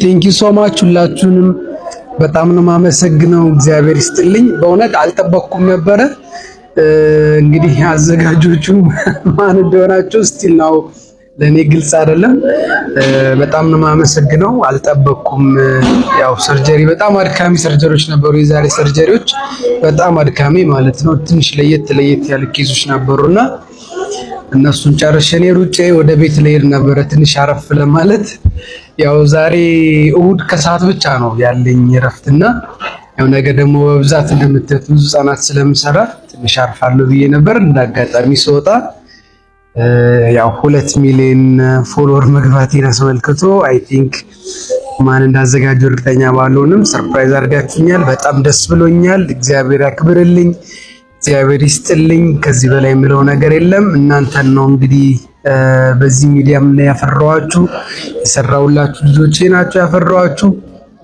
ቴንኪ ሶማች ሁላችሁንም በጣም ነው የማመሰግነው። እግዚአብሔር ይስጥልኝ። በእውነት አልጠበቅኩም ነበረ። እንግዲህ አዘጋጆቹ ማን እንደሆናቸው ስቲል ነው ለእኔ ግልጽ አይደለም። በጣም ነው የማመሰግነው። አልጠበቅኩም። ያው ሰርጀሪ በጣም አድካሚ ሰርጀሪዎች ነበሩ። የዛሬ ሰርጀሪዎች በጣም አድካሚ ማለት ነው። ትንሽ ለየት ለየት ያሉ ኬዞች ነበሩና እነሱን ጨርሼ እኔ ሩጬ ወደ ቤት ልሄድ ነበረ ትንሽ አረፍ ለማለት ያው ዛሬ እሁድ ከሰዓት ብቻ ነው ያለኝ እረፍትና ያው ነገ ደግሞ በብዛት እንደምታዩት ብዙ ህጻናት ስለምሰራ ትንሽ አርፋለሁ ብዬ ነበር። እንዳጋጣሚ ስወጣ ያው ሁለት ሚሊዮን ፎሎወር መግባቴን አስመልክቶ አይ ቲንክ ማን እንዳዘጋጀው እርግጠኛ ባልሆንም ሰርፕራይዝ አድርጋችኛል። በጣም ደስ ብሎኛል። እግዚአብሔር ያክብርልኝ፣ እግዚአብሔር ይስጥልኝ። ከዚህ በላይ የምለው ነገር የለም። እናንተን ነው እንግዲህ በዚህ ሚዲያም ላይ ያፈራኋችሁ የሰራሁላችሁ ልጆቼ ናችሁ፣ ያፈራኋችሁ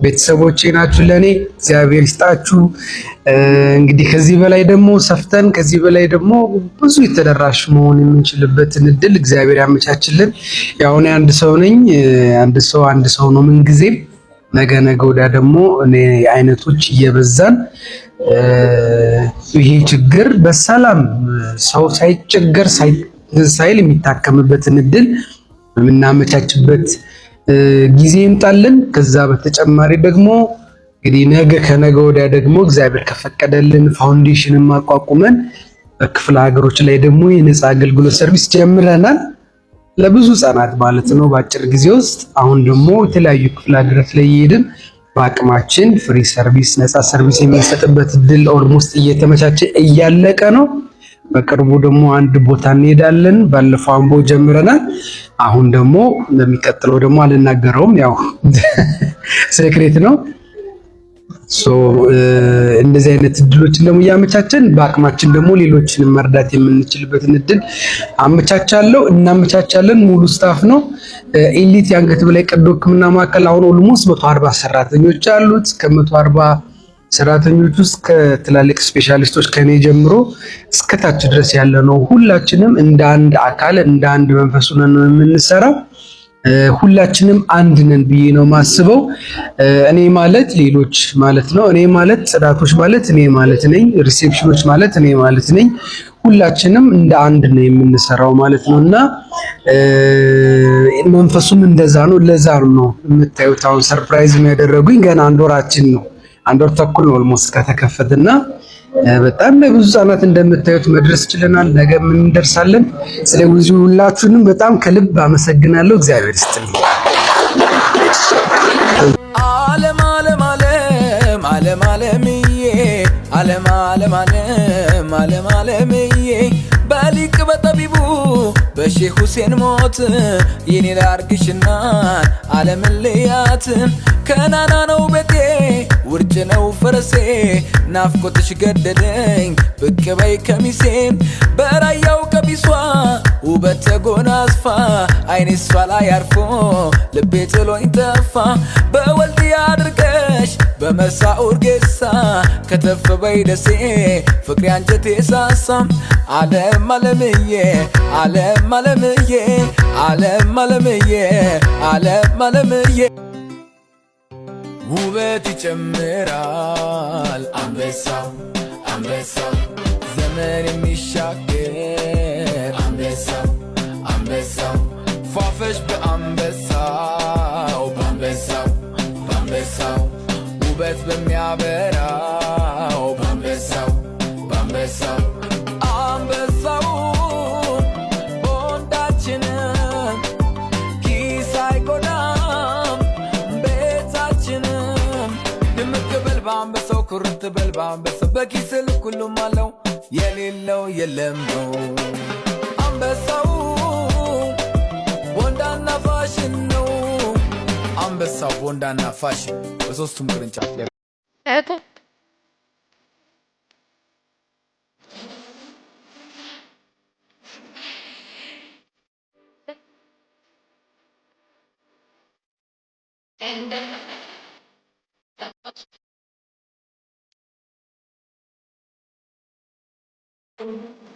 ቤተሰቦቼ ናችሁ። ለእኔ እግዚአብሔር ይስጣችሁ። እንግዲህ ከዚህ በላይ ደግሞ ሰፍተን ከዚህ በላይ ደግሞ ብዙ የተደራሽ መሆን የምንችልበትን እድል እግዚአብሔር ያመቻችልን። ያው እኔ አንድ ሰው ነኝ። አንድ ሰው አንድ ሰው ነው ምንጊዜም። ነገ ነገ ወዲያ ደግሞ እኔ አይነቶች እየበዛን ይሄ ችግር በሰላም ሰው ሳይቸገር ሳይ ትዝ ሳይል የሚታከምበትን እድል የምናመቻችበት ጊዜ ይምጣልን። ከዛ በተጨማሪ ደግሞ እንግዲህ ነገ ከነገ ወዲያ ደግሞ እግዚአብሔር ከፈቀደልን ፋውንዴሽንን ማቋቁመን በክፍለ ሀገሮች ላይ ደግሞ የነፃ አገልግሎት ሰርቪስ ጀምረናል ለብዙ ህጻናት ማለት ነው በአጭር ጊዜ ውስጥ። አሁን ደግሞ የተለያዩ ክፍለ ሀገሮች ላይ እየሄድን በአቅማችን ፍሪ ሰርቪስ ነፃ ሰርቪስ የምንሰጥበት እድል ኦልሞስት እየተመቻቸ እያለቀ ነው። በቅርቡ ደግሞ አንድ ቦታ እንሄዳለን። ባለፈው አምቦ ጀምረናል። አሁን ደግሞ እንደሚቀጥለው ደግሞ አልናገረውም፣ ያው ሴክሬት ነው። እንደዚህ አይነት እድሎችን ደግሞ እያመቻቸን በአቅማችን ደግሞ ሌሎችን መርዳት የምንችልበትን እድል አመቻቻለሁ፣ እናመቻቻለን። ሙሉ ስታፍ ነው። ኤሊት የአንገት በላይ ቀዶ ሕክምና ማዕከል አሁን ኦልሞስት መቶ አርባ ሰራተኞች አሉት ከመቶ አርባ ሰራተኞች ውስጥ ከትላልቅ ስፔሻሊስቶች ከኔ ጀምሮ እስከታች ድረስ ያለ ነው። ሁላችንም እንደ አንድ አካል እንደ አንድ መንፈሱ ነን ነው የምንሰራው። ሁላችንም አንድ ነን ብዬ ነው ማስበው። እኔ ማለት ሌሎች ማለት ነው። እኔ ማለት ጽዳቶች ማለት እኔ ማለት ነኝ። ሪሴፕሽኖች ማለት እኔ ማለት ነኝ። ሁላችንም እንደ አንድ ነው የምንሰራው ማለት ነው እና መንፈሱም እንደዛ ነው። ለዛ ነው የምታዩት አሁን ሰርፕራይዝ ያደረጉኝ ገና አንድ ወራችን ነው አንድ ወር ተኩል ኦልሞስት ከተከፈተና በጣም ለብዙ ህጻናት እንደምታዩት መድረስ ችለናል። ነገ ምን እንደርሳለን። ስለዚህ ሁላችሁንም በጣም ከልብ አመሰግናለሁ። እግዚአብሔር ይስጥልኝ። ዓለም ዓለም ዓለም ዓለም ዓለምዬ ዓለም ዓለም ዓለም ዓለም ዓለምዬ በሊቅ በጠቢቡ በሼህ ሁሴን ሞት የኔ ላርግሽና ዓለምን ልያት ከናና ነው በቴ ውርጭ ነው ፈረሴ ናፍቆትሽ ገደለኝ ብቅ በይ ከሚሴ በራያው ቀሚሷ ውበት ተጎናጽፋ አይኔ እሷ ላይ አርፎ ልቤ ጥሎኝ ጠፋ በወልድያ አድርገሽ በመሳኡ እርጌሳ ከተፍ በይ ደሴ ፍቅሬ አንጀቴ ሳሳም አለም አለምዬ አለም አለምዬ አለም አለምዬ አለም አለምዬ ውበት ይጨምራል አንበሳው አንበሳው ዘመን የሚሻገር አንበሳው አንበሳው ፏፈሽ በአንበሳው በአንበሳው በአንበሳው ውበት በሚያበራ በአንበሳው ኩርት በል በአንበሳው በኪስል ሁሉም አለው የሌለው የለም ነው አንበሳው ቦንዳና ፋሽን ነው አንበሳው ቦንዳና ፋሽን በሶስቱም ቅርንጫፍ and And Mm-hmm.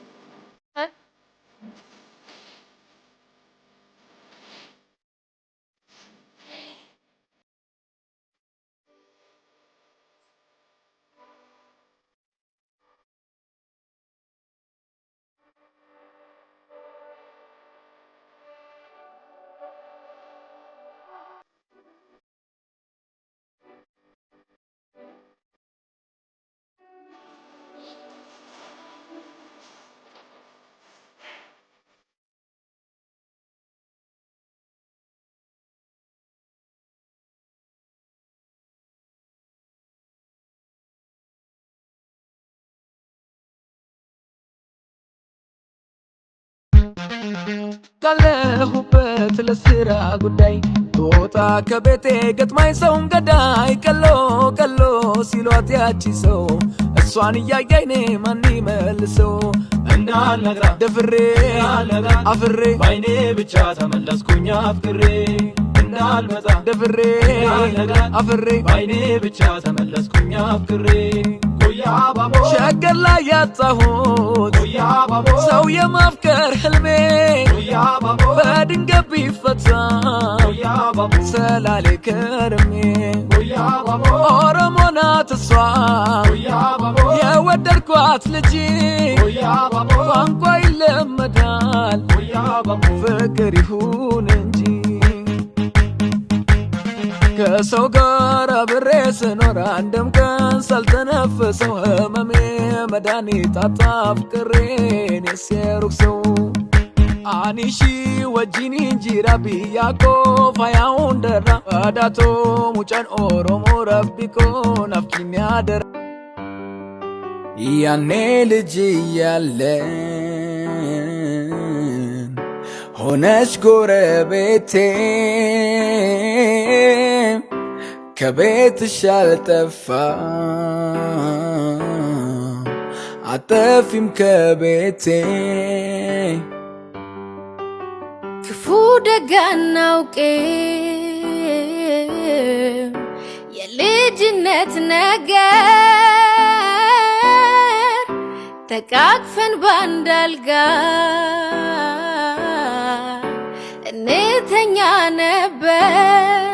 ካለሁበት ለስራ ጉዳይ ቦታ ከቤቴ ገጥማኝ ሰውን ገዳይ ቀሎ ቀሎ ሲሏት ያቺ ሰው እሷን እያያይኔ ማን መልሰው እንዳልነግራ ደፍሬ አፍሬ ባይኔ ብቻ ተመለስኩኝ አፍቅሬ እንዳልመጣ ደፍሬ አፍሬ ባይኔ ብቻ ተመለስኩኝ አፍቅሬ ሸገር ላይ ያጣሁት ሰው የማፍቀር ህልሜ በድንገት ቢፈታ ሰላሌ ከርሜ ኦሮሞ እሷ የወደድኳት ልጅ ቋንቋ ይለመዳል ፍቅር ይሁን ከሰው ጋር አብሬ ስኖር አንድም ቀን ሳልተነፍሰው ህመሜ መድኃኒት አጣ ፍቅሬን የሴሩክ ሰው አኒሺ ወጂኒ ጂራ ብያኮ ፋያውን ደራ አዳቶ ሙጨን ኦሮሞ ረቢኮ ናፍኪን ያደራ ያኔ ልጅ እያለን ሆነች ጎረቤቴ ከቤትሽ አልጠፋ አጠፊም ከቤቴ ክፉ ደግ የልጅነት ነገር ተቃቅፈን ባንድ አልጋ እንተኛ ነበር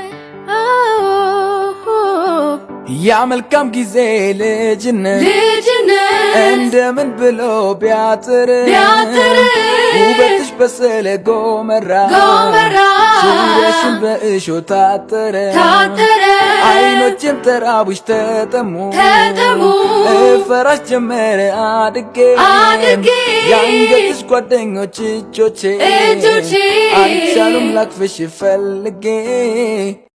ያ መልካም ጊዜ ልጅነት እንደምን ብሎ ቢያጥር ውበትሽ በሰለ ጎመራ ዙሪያሽን በእሾ ታጠረ አይኖችም ተራቡሽ ተጠሙ እፈራሽ ጀመረ አድጌ የአንገትሽ ጓደኞች እጆቼ አልቻሉም ላክፍሽ ፈልጌ